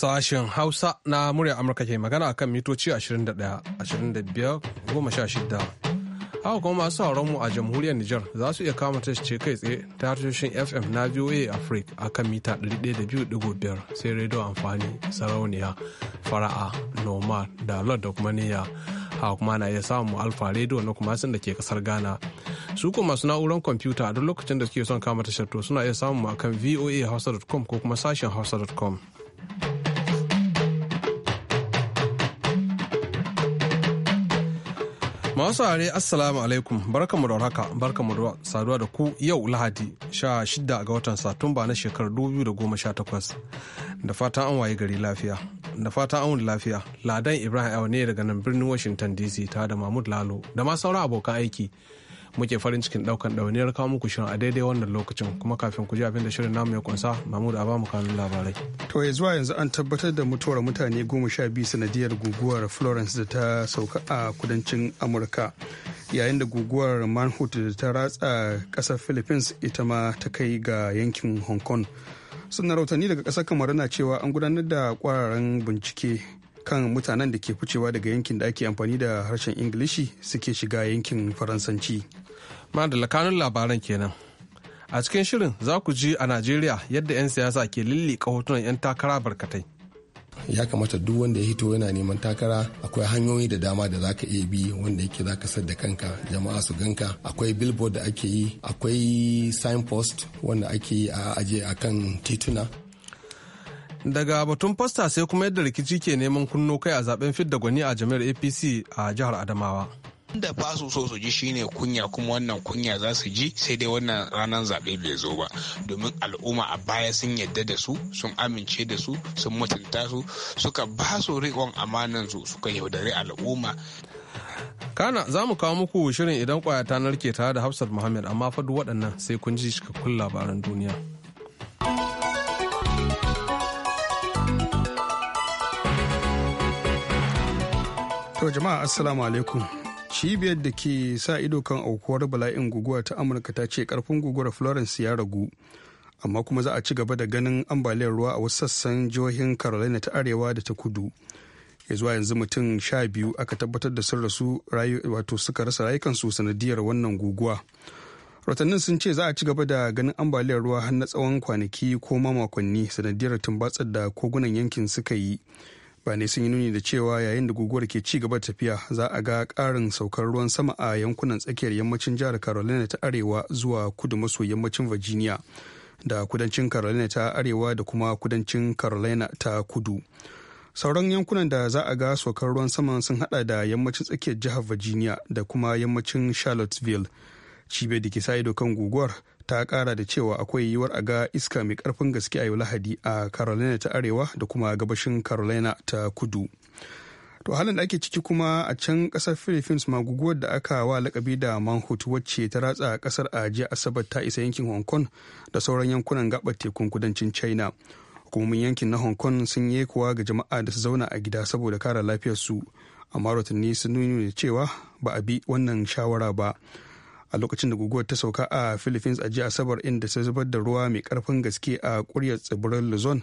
Sashen Hausa na murya Amurka ke magana a kan mitoci 21, 25, shida Haka kuma masu sauran mu a jamhuriyar Nijar za su iya kama ce kai tsaye ta tashoshin FM na VOA Africa a kan mita 102.5 sai redo amfani sarauniya fara'a noma da lord da kuma niyya. haka kuma na iya samun alfa redo na kuma sun da ke kasar ghana su kuma masu na'urar kwamfuta a duk lokacin da suke son kama tashar to suna iya samun mu akan voa hausa.com ko kuma sashen hausa.com Masu are Assalamu alaikum barka da warhaka barkamu da saduwa da ku yau Lahadi 16 ga watan Satumba na shekarar 2018 da fatan an waye gari lafiya da fatan an lafiya Ladan Ibrahim ne daga nan birnin Washington DC tare da Mahmud Lalo da ma sauran abokan aiki muke farin cikin daukan ɗawainiyar kawo muku shirin a daidai wannan lokacin kuma kafin ku ji abin da shirin namu ya kunsa mahmud a bamu kanun labarai to ya zuwa yanzu an tabbatar da mutuwar mutane goma sha biyu sanadiyar guguwar florence da ta sauka a kudancin amurka yayin da guguwar manhut da ta ratsa kasar philippines ita ma ta kai ga yankin hong kong sannan rautani daga kasar kamar na cewa an gudanar da kwararren bincike kan mutanen da ke ficewa daga yankin da ake amfani da harshen ingilishi suke shiga yankin faransanci da kanun labaran kenan a cikin shirin za ku ji a najeriya yadda 'yan siyasa ke lillika hotunan 'yan takara barkatai ya kamata duk wanda ya hito yana neman takara akwai hanyoyi da dama da zaka iya bi wanda yake zaka sar da kanka jama'a su ganka akwai billboard da ake yi akwai signpost wanda ake yi a aje akan tituna daga batun fasta sai kuma yadda rikici ke neman kunno kai a zaben fidda gwani a jami'ar apc a jihar adamawa da ba su so su ji shine kunya kuma wannan kunya za su ji sai dai wannan ranar zaɓe bai zo ba domin al'umma a baya sun yadda da su sun amince da su sun mutunta su suka ba su riƙon amanan su suka yaudari al'umma kana za mu kawo muku shirin idan kwaya narke tare da hafsat muhammad amma fa waɗannan sai kun ji cikakkun labaran duniya To jama'a assalamu alaikum. Cibiyar da ke sa ido kan aukuwar bala'in guguwa ta Amurka ta ce karfin guguwar Florence ya ragu. Amma kuma za a ci gaba da ganin ambaliyar ruwa a wasu sassan jihohin Carolina ta Arewa da ta Kudu. ya zuwa yanzu mutum sha biyu aka tabbatar da sun rasu wato suka rasa rayukansu sanadiyar wannan guguwa rotannin sun ce za a ci gaba da ganin ambaliyar ruwa har na tsawon kwanaki ko ma makonni sanadiyar tumbatsar da kogunan yankin suka yi ba ne sun yi nuni da cewa yayin da guguwar ke ci gaba tafiya za a ga ƙarin saukar ruwan sama a yankunan tsakiyar yammacin jihar carolina ta arewa zuwa kudu maso yammacin virginia da kudancin carolina ta arewa da kuma kudancin carolina ta kudu sauran yankunan da za a ga saukar ruwan sama sun hada da yammacin tsakiyar jihar virginia da kuma yammacin charlottesville cibiyar da ke sa ido kan guguwar ta kara da cewa akwai yiwuwar a ga iska mai karfin gaske a yau lahadi a carolina ta arewa da kuma gabashin carolina ta kudu to halin da ake ciki kuma a can kasar philippines maguguwar da aka wa lakabi da manhut wacce ta ratsa kasar a jiya asabar ta isa yankin hong kong da sauran yankunan gabar tekun kudancin china hukumomin yankin na hong kong sun yi kuwa ga jama'a da su zauna a gida saboda kare lafiyarsu amma rahotanni sun nuni cewa ba a bi wannan shawara ba a lokacin da guguwar ta sauka a philippines a jiya asabar inda sai zubar da ruwa mai karfin gaske a kuryar tsibirin luzon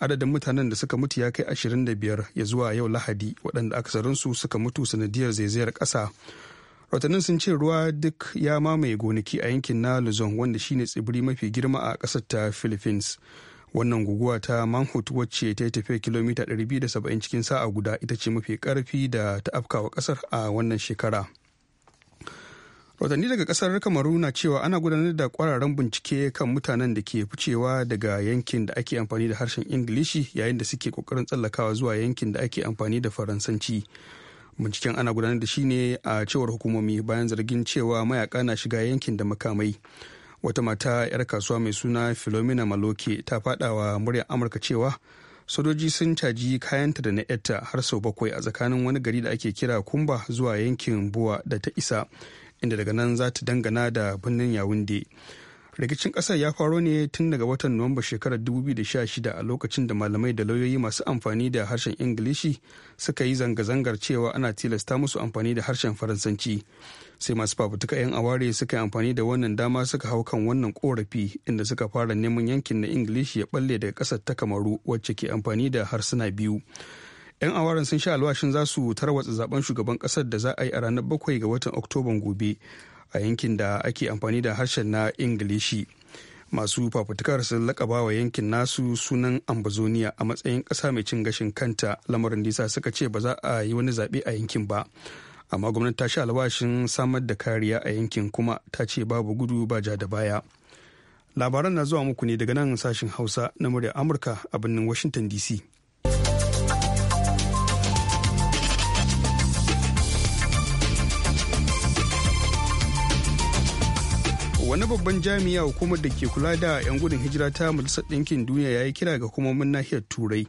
adadin mutanen da suka mutu ya kai 25 ya zuwa yau lahadi waɗanda aksarinsu suka mutu sanadiyar zaizayar ƙasa rotannin sun ce ruwa duk ya mamaye gonaki a yankin na luzon wanda shine tsibiri mafi girma a ƙasar ta philippines wannan guguwa ta manhut wacce ta yi tafiya kilomita 270 cikin sa'a guda ita ce mafi karfi da ta afkawa ƙasar a wannan shekara. rahotanni daga kasar kamaru na cewa ana gudanar da kwararan bincike kan mutanen da ke ficewa daga yankin da ake amfani da harshen ingilishi yayin da suke kokarin tsallakawa zuwa yankin da ake amfani da faransanci binciken ana gudanar da shi ne a cewar hukumomi bayan zargin cewa mayaka na shiga yankin da makamai wata mata 'yar kasuwa mai suna philomena maloke ta faɗawa muryar amurka cewa sojoji sun caji kayanta da na yatta har sau bakwai a tsakanin wani gari da ake kira kumba zuwa yankin buwa da ta isa inda daga nan za ta dangana da birnin yawunde rikicin ƙasar ya faro ne tun daga watan nuwamba shekarar 2016 a lokacin da malamai da lauyoyi masu amfani da harshen ingilishi suka yi zanga-zangar cewa ana tilasta musu amfani da harshen faransanci sai masu fafutuka 'yan aware suka yi amfani da wannan dama suka hau kan wannan korafi inda suka fara neman yankin na ingilishi ya balle daga kasar ta kamaru wacce ke amfani da harsuna biyu 'yan awaren sun sha alwashin za su tarwatsa zaben shugaban kasar da za a yi a ranar bakwai ga watan oktoban gobe a yankin da ake amfani da harshen na ingilishi masu fafutukar sun lakaba wa yankin nasu sunan ambazonia a matsayin ƙasa mai cin gashin kanta lamarin nisa suka ce ba za a yi wani zaɓe a yankin ba amma gwamnati ta sha alwashin samar da kariya a yankin kuma ta ce babu gudu ba ja da baya labaran na zuwa muku ne daga nan sashen hausa na murya amurka a birnin washington dc wani babban jami'a hukumar da ke kula da 'yan gudun hijira ta majalisar ɗinkin duniya ya yi kira ga hukumomin nahiyar turai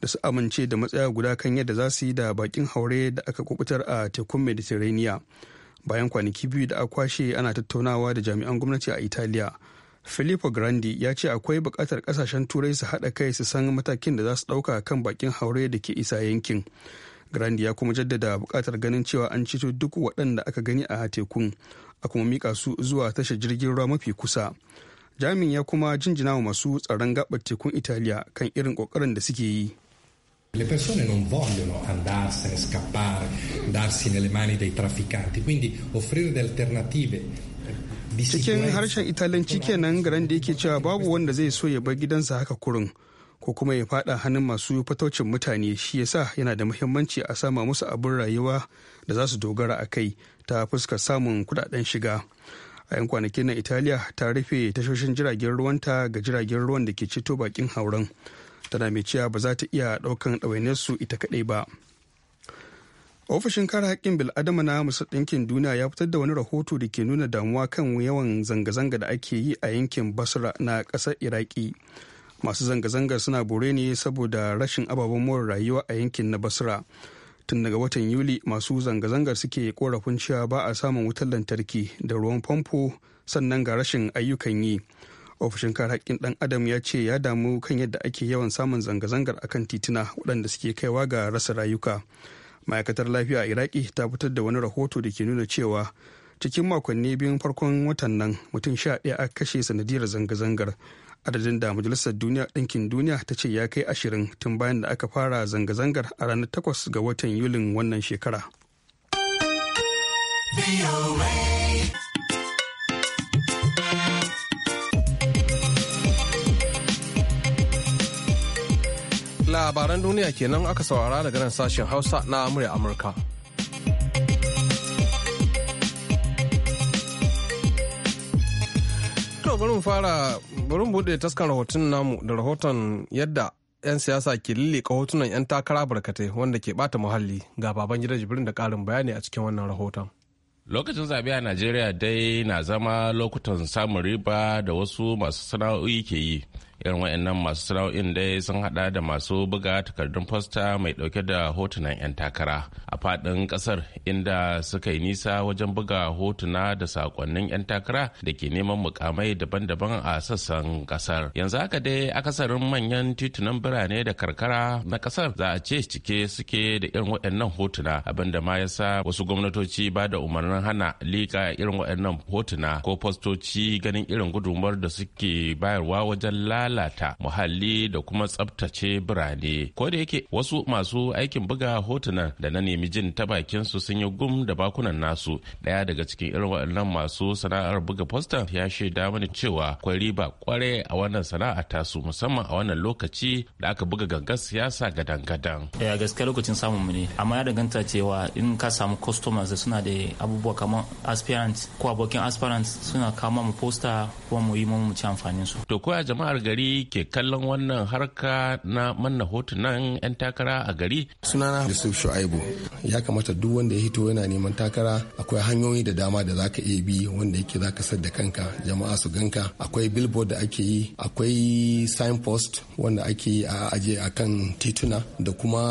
da su amince da matsaya guda kan yadda za su yi da bakin haure da aka kubutar a tekun mediterranean bayan kwanaki biyu da a kwashe ana tattaunawa da jami'an gwamnati a italiya filippo grandi ya ce akwai bukatar kasashen turai su haɗa kai su san matakin da za su ɗauka kan bakin haure da ke isa yankin grandi ya kuma jaddada bukatar ganin cewa an ceto duk waɗanda aka gani a tekun a kuma mika su zuwa tashar jirgin ruwa mafi kusa jamin ya kuma jinjina wa masu tsaron gabar tekun italiya kan irin kokarin da suke yi Le persone non vogliono andarsene, scappare, darsi nelle mani dei trafficanti, quindi offrire delle alternative cikin harshen italanci kenan garan da yake cewa babu wanda zai so ya bar gidansa haka kurin ko kuma ya fada hannun masu fataucin mutane shi yasa yana da muhimmanci a sama musu abin rayuwa da za su dogara a kai ta fuskar samun kudaden shiga a yan kwanakin na italiya ta rufe tashoshin jiragen ruwanta ga jiragen ruwan da ke ceto bakin hauren tana mai cewa ba za ta iya daukan su ita kaɗai ba ofishin kare haƙƙin bil'adama na musa ɗinkin duniya ya fitar da wani rahoto da ke nuna damuwa kan yawan zanga-zanga da ake yi a yankin basra na ƙasar iraki masu zanga-zangar suna bore ne saboda rashin ababen more rayuwa a yankin na basra tun daga watan yuli masu zanga-zangar suke korafin cewa ba a samun wutar lantarki da ruwan famfo sannan ga rashin ayyukan yi ofishin kare haƙƙin ɗan adam ya ce ya damu kan yadda ake yawan samun zanga-zangar akan titina waɗanda suke kaiwa ga rasa rayuka ma'aikatar lafiya a iraki ta fitar da wani rahoto da ke nuna cewa cikin makonni biyun farkon watan nan mutum sha ɗaya a kashe sanadiyar zanga-zangar adadin da majalisar duniya ɗinkin duniya ta ce ya kai ashirin tun bayan da aka fara zanga-zangar a ranar takwas ga watan yulin wannan shekara. labaran duniya kenan aka saurara daga nan sashen hausa na amurya amurka to bari mu fara bari mu bude taskar rahoton namu da rahoton yadda 'yan siyasa ke lilleka hotunan 'yan takara barkatai wanda ke bata muhalli ga baban gidan jibrin da karin bayani a cikin wannan rahoton. lokacin zaɓe a najeriya dai na zama lokutan samun riba da wasu masu sana'o'i ke yi irin wayannan masu sana'o'in dai sun hada da masu buga takardun fasta mai dauke da hotunan 'yan takara a fadin kasar inda suka yi nisa wajen buga hotuna da sakonnin 'yan takara da ke neman mukamai daban-daban a sassan kasar yanzu haka dai akasarin manyan titunan birane da karkara na kasar za a ce cike suke da irin waɗannan hotuna abinda ma yasa wasu gwamnatoci ba da umarnin hana lika irin waɗannan hotuna ko fastoci ganin irin gudunmuwar da suke bayarwa wajen lalata lalata muhalli da kuma tsabtace birane ko da yake wasu masu aikin buga hotunan da na nemi jin ta bakin su sun yi gum da bakunan nasu daya daga cikin irin waɗannan masu sana'ar buga posta ya shaida mani cewa akwai riba kwarai a wannan sana'a ta su musamman a wannan lokaci da aka buga gangan siyasa gadan-gadan. ya gaskiya lokacin samun mu ne amma ya danganta cewa in ka samu customers da suna da abubuwa kamar aspirant ko abokin aspirant suna kama mu posta ko mu yi mu ci amfanin su. to ko a jama'ar gari gari ke kallon wannan harka na manna hotunan 'yan takara a gari? Sunana Yusuf Shu'aibu. Ya kamata duk wanda ya hito yana neman takara akwai hanyoyi da dama da zaka iya bi wanda yake zaka sadda kanka jama'a su ganka akwai billboard da ake yi akwai signpost wanda ake yi a aje kan tituna da kuma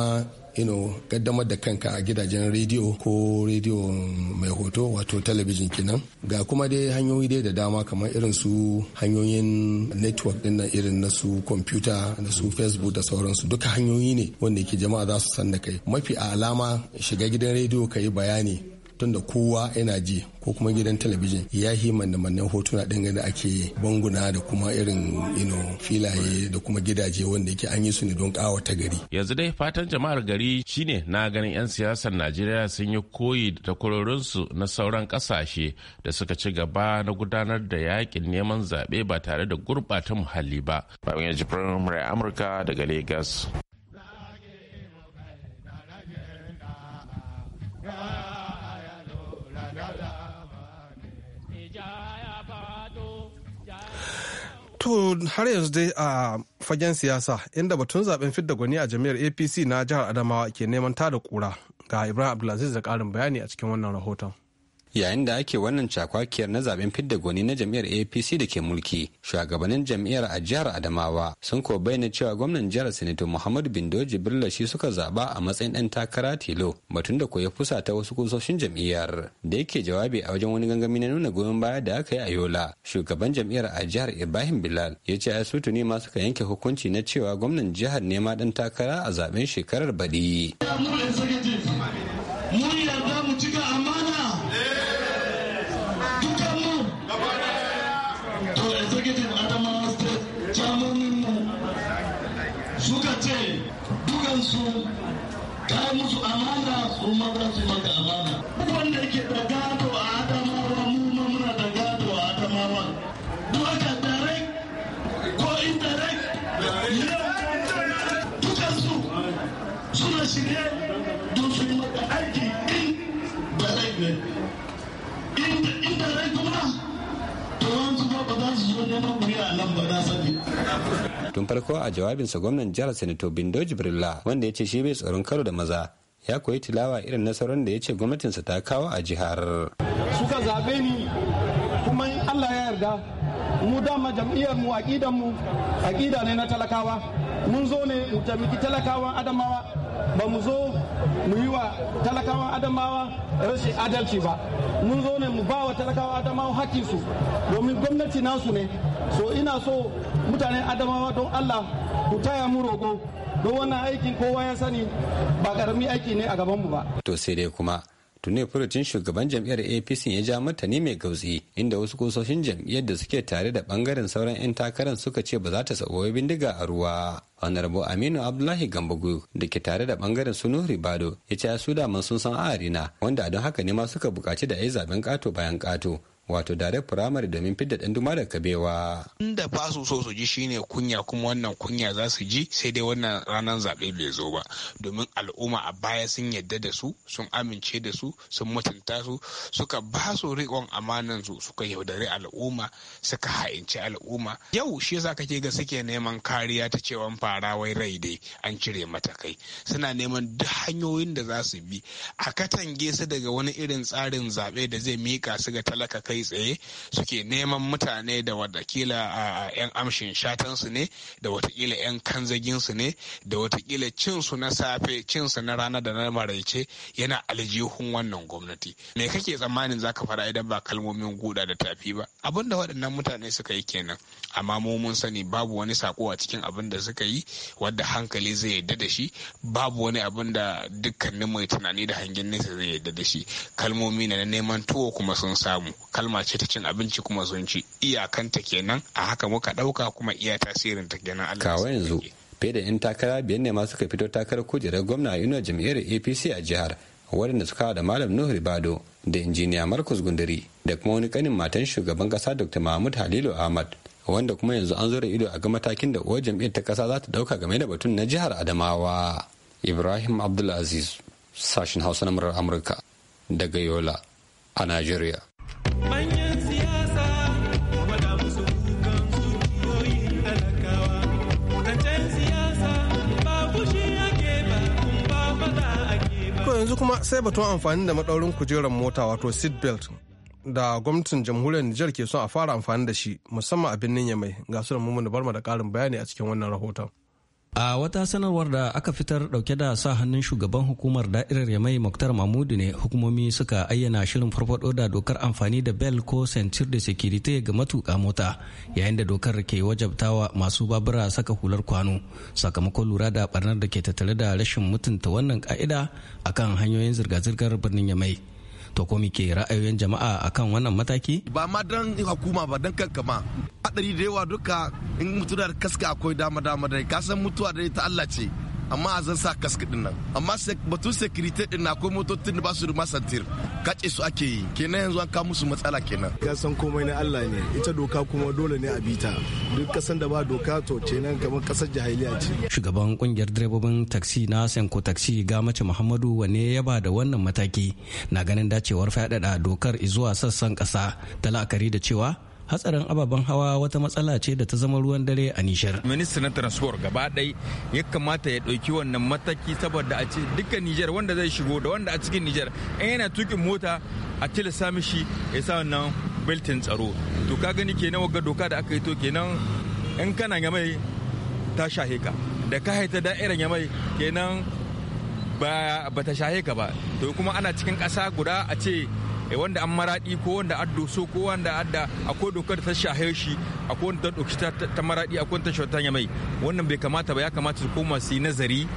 you know, kaddamar da kanka a gidajen rediyo ko rediyo mai hoto wato talabijin kinan ga kuma dai hanyoyi dai da dama kamar irin su hanyoyin network din nan irin na su computer da su facebook da sauransu duka hanyoyi ne wanda ke jama'a za su san da kai mafi alama shiga gidan rediyo ka yi bayani tunda kowa yana ji ko kuma gidan talabijin ya yi manne hotuna ɗin da ake banguna da kuma irin ino filaye da kuma gidaje wanda yake an yi su ne don ƙawata gari yanzu dai fatan jama'ar gari shine na ganin 'yan siyasar najeriya sun yi koyi da takwarorinsu na sauran ƙasashe da suka ci gaba na gudanar da yakin neman zaɓe ba tare da gurɓata muhalli ba. Amurka daga lagos. To har yanzu dai a fagen siyasa inda batun zaben fidda gwani a jami'ar APC na jihar Adamawa ke neman tada kura ga Ibrahim Abdulaziz da ƙarin bayani a cikin wannan rahoton. yayin da ake wannan cakwakiyar na zaben fidda goni na jam'iyyar apc da ke mulki shugabannin jam'iyyar a jihar adamawa sun ko bayyana cewa gwamnan jihar sanato muhammadu bindo jibrila shi suka zaba a matsayin dan takara tilo batun da koya fusa ta wasu kusoshin jam'iyyar da yake jawabi a wajen wani gangami na nuna goyon baya da aka yi a yola shugaban jam'iyyar a jihar ibrahim bilal ya ce ai sutu ne ma suka yanke hukunci na cewa gwamnan jihar ne ma dan takara a zaben shekarar baɗi. ka musu amana kuma za su maka amana duk wanda yake da gado a adamawa mu ma muna da gado a adamawa duk haka direct ko indirect dukkan su suna shirye don su yi maka aiki in direct ne indirect kuma to wanzu ba za su zo neman kuri'a nan ba na sani tun farko a jawabinsa gwamnan jihar sanato bindo jibrilla wanda ya ce shi bai tsoron karo da maza ya koyi tilawa irin nasarar da ya ce gwamnatinsa ta kawo a jihar suka zaɓe ni kuma allah ya yarda mu dama jam'iyyar mu aƙidan mu aƙida ne na talakawa mun zo ne mu taimaki talakawan adamawa ba mu zo mu yi wa talakawan adamawa rashin adalci ba mun zo ne mu ba wa su domin gwamnati nasu ne so ina so mutanen adamawa don allah ku taya mu roƙo don wannan aikin kowa ya sani ba karami aiki ne a gaban mu ba to sai dai kuma tuni furucin shugaban jam'iyyar apc ya ja martani mai gautsi inda wasu kusoshin jam'iyyar da suke tare da bangaren sauran 'yan takarar suka ce ba za ta sauwaye bindiga a ruwa honorable aminu abdullahi gambagu da ke tare da bangaren sunu ribado ya ce su daman sun san arina wanda don haka ne ma suka bukaci da ya zaben kato bayan kato wato direct firamare domin fidda ɗan duma da kabewa. Inda ba su so su ji shine kunya kuma wannan kunya za su ji sai dai wannan ranar zaɓe bai zo ba domin al'umma a baya sun yadda da su sun amince da su sun mutunta su suka ba su riƙon amanan su suka yaudari al'umma suka ha'inci al'umma yau shi yasa kake ga suke neman kariya ta cewa fara wai rai dai an cire mata kai suna neman duk hanyoyin da za su bi a katange su daga wani irin tsarin zaɓe da zai mika su ga talaka kai kai tsaye suke neman mutane da watakila a 'yan amshin shatansu ne da watakila 'yan kanzaginsu ne da watakila cinsu na safe cinsu na rana da na maraice yana aljihun wannan gwamnati me kake tsammanin za ka fara idan ba kalmomin guda da tafi ba abin da waɗannan mutane suka yi kenan amma mu mun sani babu wani sako a cikin abin da suka yi wadda hankali zai yadda da shi babu wani abin da dukkanin mai tunani da hangen nesa zai yadda da shi kalmomi na neman tuwo kuma sun samu kalma ce ta cin abinci kuma sun ci iyakanta kenan a haka muka ɗauka kuma iya tasirin ta kenan kawo yanzu fiye da 'yan takara biyar ne ma suka fito takarar kujerar gwamna a jam'iyyar apc a jihar waɗanda suka da malam nuhu ribado da injiniya markus gundari da kuma wani kanin matan shugaban kasa dr mahmud halilu ahmad wanda kuma yanzu an zura ido a ga matakin da uwar jam'iyyar ta kasa za ta ɗauka game da batun na jihar adamawa ibrahim abdulaziz sashen hausa na murar amurka daga yola a najeriya yanzu kuma sai batun amfani da maɗaurin kujerar mota wato seat belt da gwamnatin jamhuriyar Nijar ke son a fara amfani da shi musamman a birnin Yamai ga su da bar da ƙarin bayani a cikin wannan rahoton. A wata sanarwar da aka fitar dauke da sa hannun shugaban hukumar da'irar Yamai Muktar Mahmudu ne hukumomi suka ayyana shirin farfado da dokar amfani da bel ko sentir da security ga matuka mota yayin da dokar ke wajabtawa masu babura saka hular kwano sakamakon lura da barnar da ke tattale da rashin mutunta wannan ka'ida akan hanyoyin zirga-zirgar birnin Yamai. to ko ke ra'ayoyin jama'a akan wannan mataki ba ma dan hukuma ba dan kanka ma hadari da yawa duka in mutu da kaska akwai dama dama dai kasan mutuwa da ta Allah ce amma a zan sa kask din nan amma batun security din na akwai motocin da ba su da masantir kace su ake yi kenan yanzu an kawo musu matsala kenan ka san komai na Allah ne ita doka kuma dole ne a bita duk kasan da ba doka to kenan kamar kasar jahiliya ce shugaban kungiyar direbobin taxi na Senko taxi ga mace Muhammadu wane ya ba da wannan mataki na ganin dacewar faɗaɗa dokar izuwa sassan kasa ta la'akari da cewa hatsarin ababen hawa wata matsala ce da ta zama ruwan dare a nishar minista na transport gaba ɗai ya kamata ya ɗauki wannan mataki saboda a ce dukkan nijar wanda zai shigo da wanda a cikin nijar in yana tukin mota a tilasta mishi ya sa wannan beltin tsaro to ka gani kenan ga doka da aka yi to kenan in kana yamai ta shahe ka da ka haita da'irar mai kenan ba ta shahe ka ba to kuma ana cikin ƙasa guda a ce Eh, wanda an maraɗi ko wanda an so ko wanda adda akwai dokar da ta shahe shi akwai wanda ta ɗauki ta maraɗi akwai wanda ta shauta mai wannan bai kamata ba ya kamata su koma su yi nazari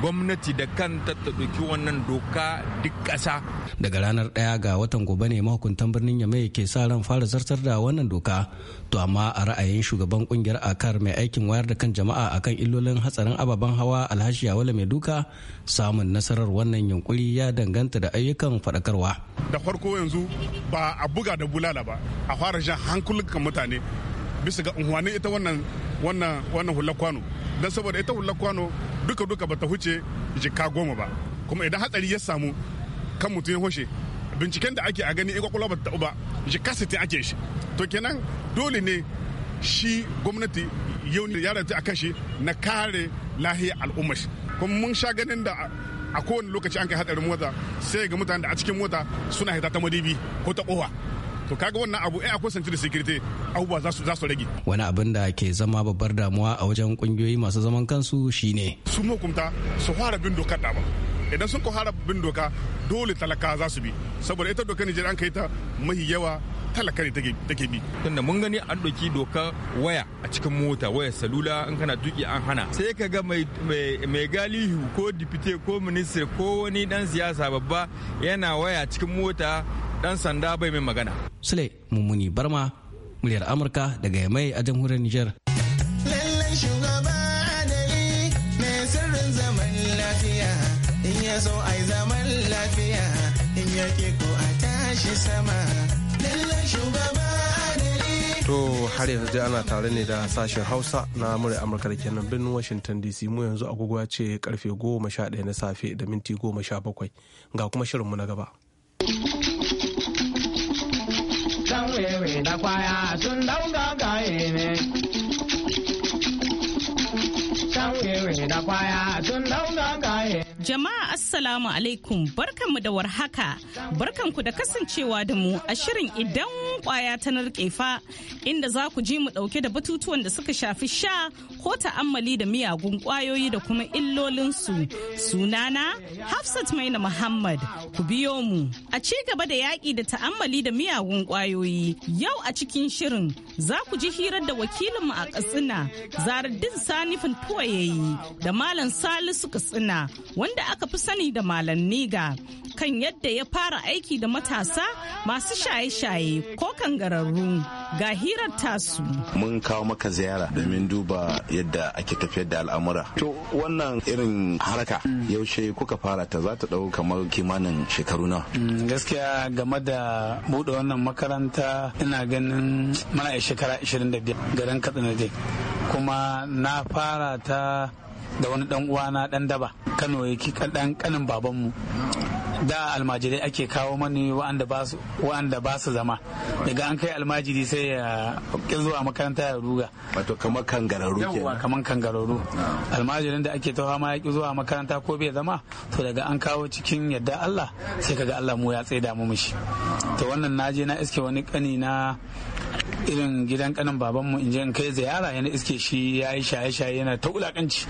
gwamnati da kan ta ɗauki wannan doka duk ƙasa. Daga ranar ɗaya ga watan gobe ne mahukuntan birnin Yamai ke sa ran fara zartar da wannan doka. To amma a ra'ayin shugaban kungiyar akar mai aikin wayar da kan jama'a akan illolin hatsarin ababen hawa alhashi yawala mai duka samun nasarar wannan yunkuri ya danganta da ayyukan faɗakarwa. Da farko yanzu ba a buga da bulala ba a fara jan hankulan mutane bisa ga unhuwanin ita wannan wannan wannan hular kwano saboda ita hular kwano duka duka bata huce jika goma ba kuma idan hatsari ya samu kan mutum ya hoshe binciken da ake a gani in kwakwalwa bata taɓa jika sitin ake shi to kenan dole ne shi gwamnati yau ne ya a kashi na kare lahiyar al'ummar kuma mun sha ganin da a kowane lokaci an kai hadarin mota sai ga mutane da a cikin mota suna hita ta madibi ko ta kowa to kaga wannan abu eh akwai sentry security abubuwa za su za su rage wani abin da ke zama babbar damuwa a wajen kungiyoyi masu zaman kansu shine su hukumta su fara bin dokar da ba idan sun fara bin doka dole talaka za su bi saboda ita doka Nijeriya an kai ta mahi yawa talaka ne take bi tunda mun gani an doki doka waya a cikin mota waya salula in kana duki an hana sai ka ga mai galihu ko dipite ko minister ko wani dan siyasa babba yana waya cikin mota dan sanda bai mai magana sule mummuni barma muryar amurka daga yamai a jamhuriyar Nijar. lallai shugaba adali mai sirrin zaman lafiya in ya so ai zaman lafiya in ya ke ko a tashi sama lallai shugaba To har yanzu dai ana tare ne da sashen Hausa na murya Amurka da kenan birnin Washington DC mu yanzu agogo ce karfe goma sha ɗaya na safe da minti goma sha bakwai ga kuma shirinmu na gaba. wewe da kwaya sun dauga gaye ne. Can wewe da kwaya Jama'a Assalamu alaikum barkanmu da warhaka barkanku da kasancewa da mu a shirin idan kwaya ta narkefa inda za ku ji mu dauke da batutuwan da suka shafi sha ko ta'ammali da miyagun kwayoyi da kuma illolinsu sunana Hafsat Maina Muhammad ku biyo mu a ci gaba da yaƙi da ta'ammali da miyagun kwayoyi yau a cikin shirin za ku ji hirar da wakilinmu a Katsina Zaradin Sanifin Tuwayeyi da Malam Salisu Katsina wanda inda aka fi sani da Malam Niga kan yadda ya fara aiki da matasa masu shaye-shaye ko kan kangararru ga hirar tasu. Mun kawo maka ziyara domin duba yadda ake tafiyar da al'amura. To wannan irin haraka yaushe kuka fara ta za ta ɗau kamar kimanin shekaru na. Mm, gaskiya game da buɗe wannan makaranta ina ganin mana shekara 25 garin Katsina dai. Kuma na fara ta da wani dan uwana dan daba kano yake dan kanin babanmu da almajirai ake kawo mani wa'anda ba su zama daga an kai almajiri sai ya ƙi zuwa makaranta ya ruga wato kamar kangararru ke yawa kamar kangararru ah. almajirin da ake tawa ma ya ƙi zuwa makaranta ko bai zama to daga an kawo cikin yadda Allah sai kaga Allah mu ya tsaida mu mishi to wannan naje na iske wani kani na irin gidan kanin babanmu in je in kai ziyara yana iske shi ya yi shaye-shaye yana ta wulakanci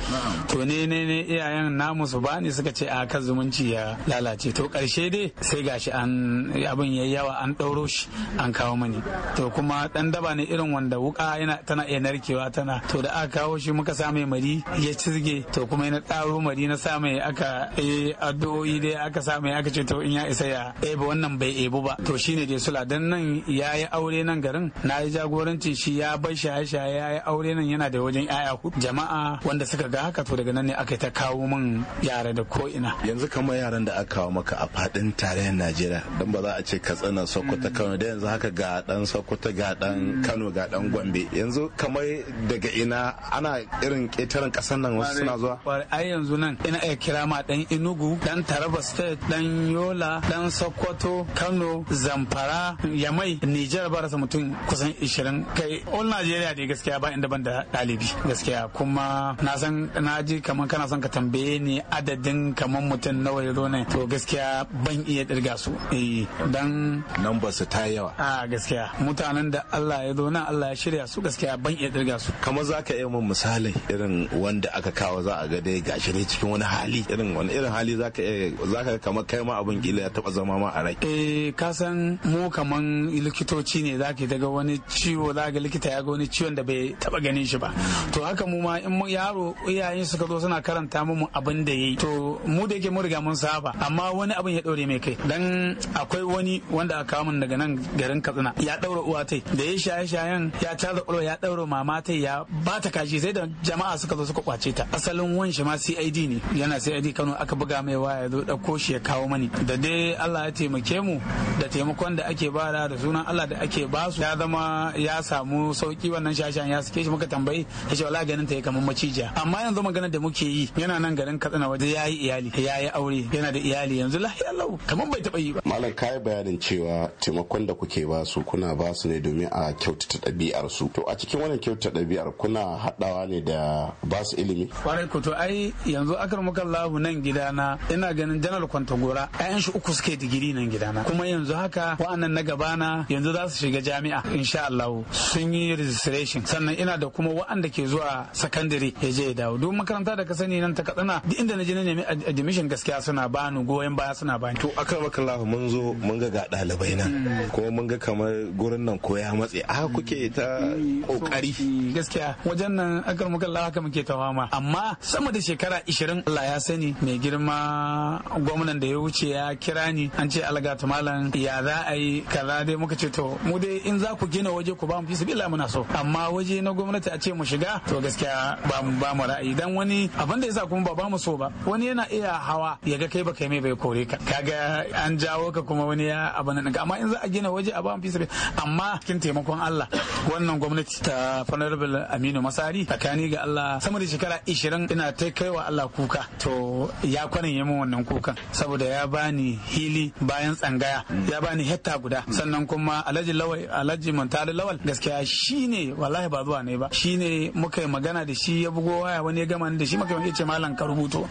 to ne ne ne iyayen namu su ni suka ce a kan zumunci ya lalace to karshe dai sai gashi an abin yayi yawa an ɗauro shi an kawo mani to kuma dan daba ne irin wanda wuka yana tana iya narkewa tana to da aka kawo shi muka sa mai mari ya cizge to kuma yana ɗaro mari na sa mai aka eh, addu'o'i dai aka sa mai aka ce to in ya isa ya ebe wannan bai ebu ba to shine dai sula dan nan yayi aure nan garin na yi jagorancin shi ya bar shaye-shaye ya yi aure nan yana da wajen yaya hudu jama'a wanda suka ga haka to daga nan ne aka ta kawo min yara da ko ina yanzu kamar yaran da aka kawo maka a fadin tarayyar Najeriya don ba za a ce Katsina Sokoto Kano da yanzu haka ga dan Sokoto ga dan Kano ga dan Gombe yanzu kamar daga ina ana irin ƙetaren ƙasar nan wasu suna zuwa ai yanzu nan ina iya kira ma dan inugu dan Taraba State dan Yola dan Sokoto Kano Zamfara Yamai Nijar ba mutum kusan 20 kai all nigeria ne gaskiya ba inda ban da ɗalibi gaskiya kuma na san na ji kamar kana son ka tambaye ni adadin kamar mutum nawa ya ne to gaskiya ban iya dirga su eh dan nan ba su ta yawa a gaskiya mutanen da Allah ya zo Allah ya shirya su gaskiya ban iya dirga su kamar zaka iya mun misali irin wanda aka kawo za a ga dai gashi ne cikin wani hali irin wani irin hali zaka iya zaka kamar kai ma abin kila ya taba zama ma a rai eh ka san mu kaman likitoci ne zaki daga wani ciwo za ga likita ya ga ciwon da bai taba ganin shi ba to haka mu ma in yaro iyayen suka zo suna karanta mu abin da yayi to mu da yake mu riga mun saba amma wani abin ya daure mai kai dan akwai wani wanda aka kawo min daga nan garin Katsina ya daura uwa tai da ya shaye shayen ya tada uwa ya daura mama tai ya ba ta kashi sai da jama'a suka zo suka kwace ta asalin wan shi ma CID ne yana CID Kano aka buga mai waya ya zo dauko shi ya kawo mani da dai Allah ya taimake mu da taimakon da ake bara da sunan Allah da ake basu ya zama ya samu sauki wannan shashan ya suke shi muka tambayi ya ce wala ganin ta ya kamar macija amma yanzu magana da muke yi yana nan garin katsina waje ya yi iyali ya yi aure yana da iyali yanzu lahiya lau kamar bai taɓa yi ba. malam yi bayanin cewa taimakon da kuke ba su kuna ba su ne domin a kyautata ɗabi'ar su to a cikin wannan kyautata ɗabi'ar kuna haɗawa ne da ba su ilimi. kwarai ko to ai yanzu akar muka lahu nan gidana ina ganin janar gora a'yan shi uku suke digiri nan gidana kuma yanzu haka wa'annan na gaba na yanzu za su shiga jami'a insha Allah sun yi registration sannan ina da kuma wa'anda ke zuwa secondary ya je ya dawo duk makaranta da ka sani nan ta katsina duk inda na je na nemi admission gaskiya suna bani goyon baya suna bani to akan Allah mun zo mun ga ɗalibai nan hmm. kuma mun ga kamar gurin nan ko ya matse a kuke ta kokari gaskiya wajen nan akan Allah haka muke ta ma. amma sama da shekara 20 Allah ya sani mai girma gwamnan da ya wuce ya kira ni an ce alga malam ya za a yi kaza dai muka ce to mu dai in za ku gina na waje ku ba mu fisa billahi muna so amma waje na gwamnati a ce mu shiga to gaskiya ba mu ba mu ra'ayi dan wani abin da yasa kuma ba ba mu so ba wani yana iya hawa ya ga kai ba kai mai bai kore ka kaga an jawo ka kuma wani ya abin nan amma in za a gina waje a ba mu fisa amma kin taimakon Allah wannan gwamnati ta fanarbil Aminu Masari tsakani ga Allah sama da shekara 20 ina ta kaiwa Allah kuka to ya kwanin min wannan kukan saboda ya bani hili bayan tsangaya ya bani hetta guda sannan kuma Alhaji Lawai Alhaji Manta tare lawal gaskiya shine wallahi ba zuwa ne ba shine muka yi magana da shi ya bugo waya wani ya gama da shi muka yi ce malam ka rubuto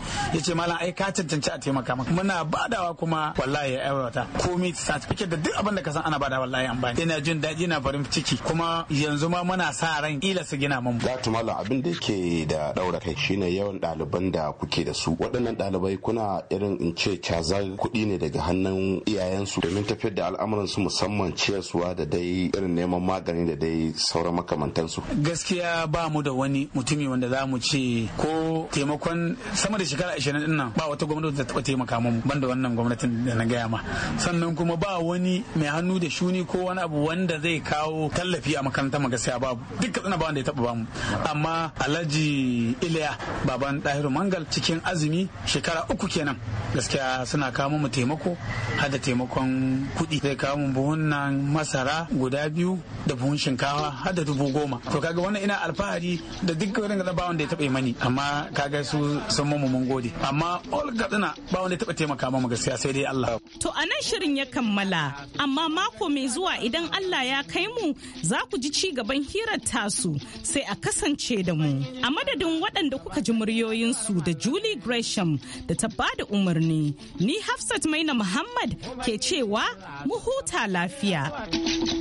ce malam ai ka cancanci a taimaka maka muna badawa kuma wallahi ya aiwata komai certificate da duk abinda da ka san ana bada wallahi an bani ina jin daɗi ina farin ciki kuma yanzu ma muna sa ran kila su gina mun to malam abin da yake da daura kai shine yawan ɗaliban da kuke da su waɗannan dalibai kuna irin in ce cazar kuɗi ne daga hannun iyayensu domin tafiyar da al'amuran su musamman ciyarsuwa da dai irin neman kamar magani da dai sauran makamantansu gaskiya ba mu da wani mutumi wanda za mu ce ko taimakon sama da shekara ashirin din nan ba wata gwamnati ta taɓa taimaka mu ban da wannan gwamnatin da na gaya ma sannan kuma ba wani mai hannu da shuni ko wani abu wanda zai kawo tallafi a makarantar mu gaskiya babu duk tsana ba wanda ya taɓa bamu amma alhaji iliya baban dahiru mangal cikin azumi shekara uku kenan gaskiya suna kawo mu taimako har da taimakon kuɗi zai kawo mu buhun nan masara guda biyu da buhun shinkawa har da dubu goma to kaga wannan ina alfahari da duk wani da bawon da ya taɓa mani amma kaga su sun mamu mun gode amma all gatsina bawon da ya taɓa taimaka mamu gaskiya sai dai Allah. To a nan shirin ya kammala amma mako mai zuwa idan Allah ya kai mu za ku ji ci gaban hirar tasu sai a kasance da mu. A madadin waɗanda kuka ji muryoyinsu da Julie Gresham da ta bada umarni, ni Hafsat Maina Muhammad ke cewa mu huta lafiya.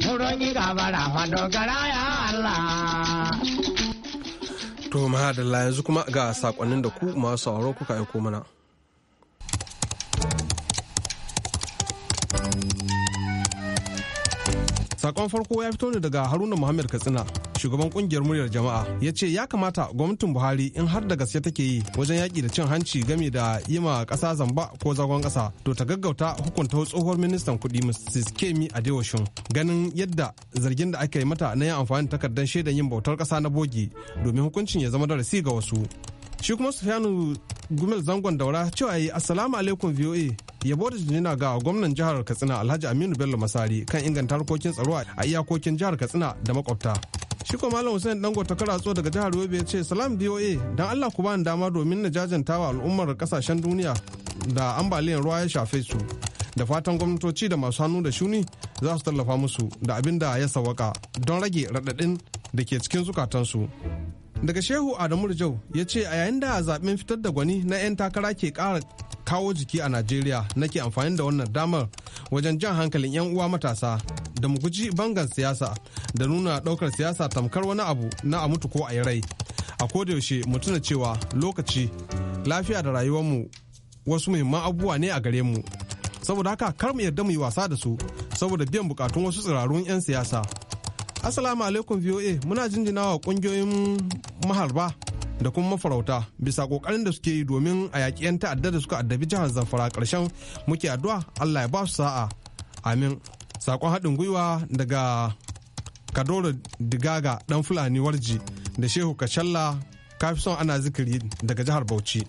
Muroki gabara madogara ya Allah. To mahadalla yanzu kuma ga saƙonnin da ku masu sauraro kuka aiko mana. Sakon farko ya fito ne daga Haruna Muhammad Katsina, shugaban kungiyar muryar jama'a. Ya ce ya kamata gwamnatin Buhari in har da gaske take yi wajen yaƙi da cin hanci game da yi ma ƙasa zamba ko zagon ƙasa, to ta gaggauta hukunta tsohuwar ministan kuɗi Mrs. Kemi Adewashun. Ganin yadda zargin da aka yi mata na yin amfani takardar shaidan yin bautar ƙasa na bogi domin hukuncin ya zama darasi ga wasu. shi kuma sufyanu gumel zangon daura cewa yi assalamu alaikum voa yabo da jinina ga gwamnan jihar katsina alhaji aminu bello masari kan inganta harkokin tsaro a iyakokin jihar katsina da makwabta shi kuma malam hussein dango ta karatso daga jihar yobe ya ce salam voa don allah ku bani dama domin na jajanta wa al'ummar kasashen duniya da ambaliyan ruwa ya shafe su da fatan gwamnatoci da masu hannu da shuni za su tallafa musu da abin da ya sawaka don rage raɗaɗin da ke cikin zukatansu daga shehu adamu rijau ya ce a yayin da zaben fitar da gwani na 'yan takara ke kara kawo jiki a najeriya nake amfani da wannan damar wajen jan hankalin 'yan uwa matasa da mu guji bangan siyasa da nuna daukar siyasa tamkar wani abu na a mutu ko a yi rai a kodayaushe mu tuna cewa lokaci lafiya da rayuwar mu wasu muhimman abubuwa ne a gare mu saboda haka kar mu yarda mu yi wasa da su saboda biyan bukatun wasu tsirarun 'yan siyasa Assalamu alaikum VOA muna jinjina wa kungiyoyin maharba da kuma mafarauta bisa kokarin da suke yi domin a yaƙi 'yan ta'adda da suka addabi jihar Zamfara ƙarshen muke addu'a Allah ya ba su sa'a. Amin. Sakon haɗin gwiwa daga Kadoro Digaga ɗan Fulani Warji da Shehu Kacalla Kafison ana zikiri daga jihar Bauchi.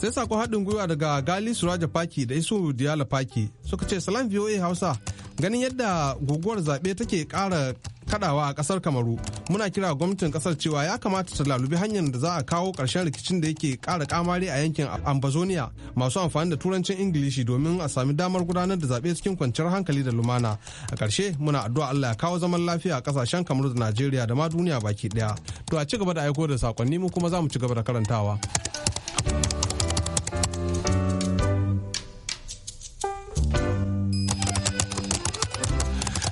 Sai sakon haɗin gwiwa daga Gali Suraja Faki da Isu Diyala Faki suka ce salam VOA Hausa ganin yadda guguwar zaɓe take ƙara kadawa a kasar kamaru muna kira gwamnatin kasar cewa ya kamata ta lalubi hanyar da za a kawo karshen rikicin da yake kara kamari a yankin ambazonia masu amfani da turancin ingilishi domin a sami damar gudanar da zaɓe cikin kwanciyar hankali da lumana a ƙarshe muna addu'a allah ya kawo zaman lafiya a kasashen kamaru da najeriya da ma duniya baki ɗaya to a ci gaba da aiko da sakonni mu kuma za mu ci gaba da karantawa.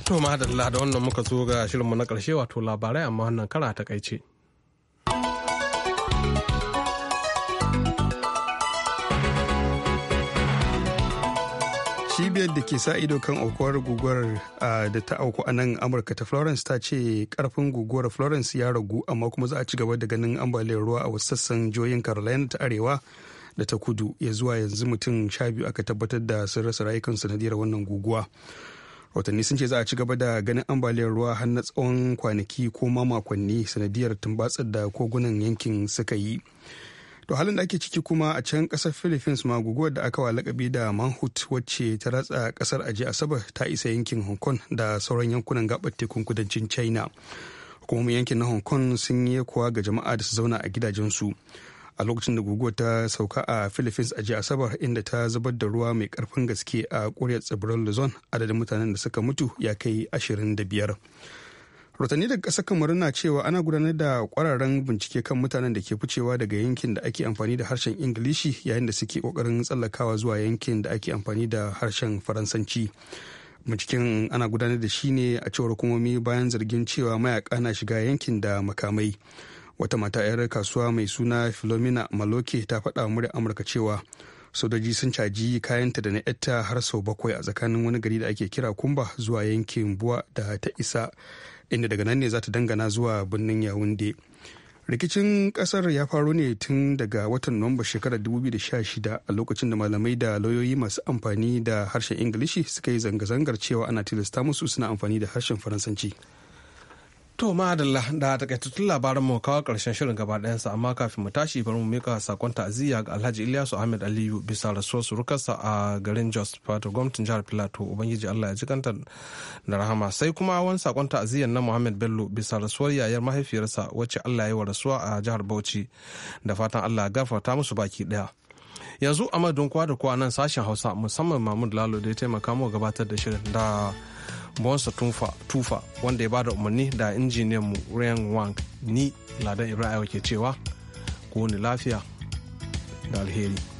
To ma da wannan muka zo ga shirinmu na karshe wato labarai amma wannan kara ta kaice. cibiyar da ke sa ido kan aukuwar guguwar da ta auku a nan amurka ta florence ta ce karfin guguwar florence ya ragu amma kuma za a ci gaba da ganin ambaliyar ruwa a wasu sassan jihohin carolina ta arewa da ta kudu ya zuwa yanzu mutum sha biyu aka tabbatar da sun rasa rayukan sanadiyar wannan guguwa watanni sun ce za a ci gaba da ganin ambaliyar ruwa har na tsawon kwanaki ko ma makonni sanadiyar tumbatsar da kogunan yankin suka yi to halin da ake ciki kuma a can kasar philippines ma guguwar da aka wa da manhut wacce ta ratsa kasar aji asabar ta isa yankin hong kong da sauran yankunan gabar tekun kudancin china hukumomin yankin na hong kong sun yi kuwa ga jama'a da su zauna a gidajensu a lokacin da guguwar ta sauka a philippines a jiya asabar inda ta zubar da ruwa mai karfin gaske a ƙuryar tsibirin luzon adadin mutanen da suka mutu ya kai 25 rotanni daga ƙasar kamaru na cewa ana gudanar da kwararren bincike kan mutanen da ke ficewa daga yankin da ake amfani da harshen ingilishi yayin da suke kokarin tsallakawa zuwa yankin da ake amfani da harshen faransanci binciken ana gudanar da shi ne a cewar hukumomi bayan zargin cewa mayaka na shiga yankin da makamai wata mata 'yar kasuwa mai suna philomena maloke ta faɗa murya amurka cewa sojoji sun caji kayanta da na yatta har sau bakwai a tsakanin wani gari da ake kira kumba zuwa yankin buwa da ta isa inda daga nan ne za ta dangana zuwa birnin yawunde rikicin kasar ya faru ne tun daga watan nuwamba shekarar 2016 a lokacin da malamai da lauyoyi masu amfani da harshen ingilishi suka yi zanga-zangar cewa ana tilasta musu suna amfani da harshen faransanci To ma'adalla da takaitattun labaran mu kawo karshen shirin gaba ɗayansa amma kafin mu tashi bari mu mika sakon ta'aziyya ga Alhaji Ilyasu Ahmed Aliyu bisa rasuwar surukarsa a garin Jos fato gwamnatin jihar Plateau ubangiji Allah ya ji kanta da rahama sai kuma wani sakon ta'aziyyar na Muhammad Bello bisa rasuwar yayar mahaifiyarsa wacce Allah ya yi wa rasuwa a jihar Bauchi da fatan Allah ya gafarta musu baki ɗaya. Yanzu a kwa da kwa nan sashen Hausa musamman Mahmud Lalo da ya taimaka mu gabatar da shirin da Bonsa Tufa, Tufa wanda ya bada umarni da injiniyan mu Ryan Wang ni Ladan Ibrahim ke cewa ku ni lafiya da alheri.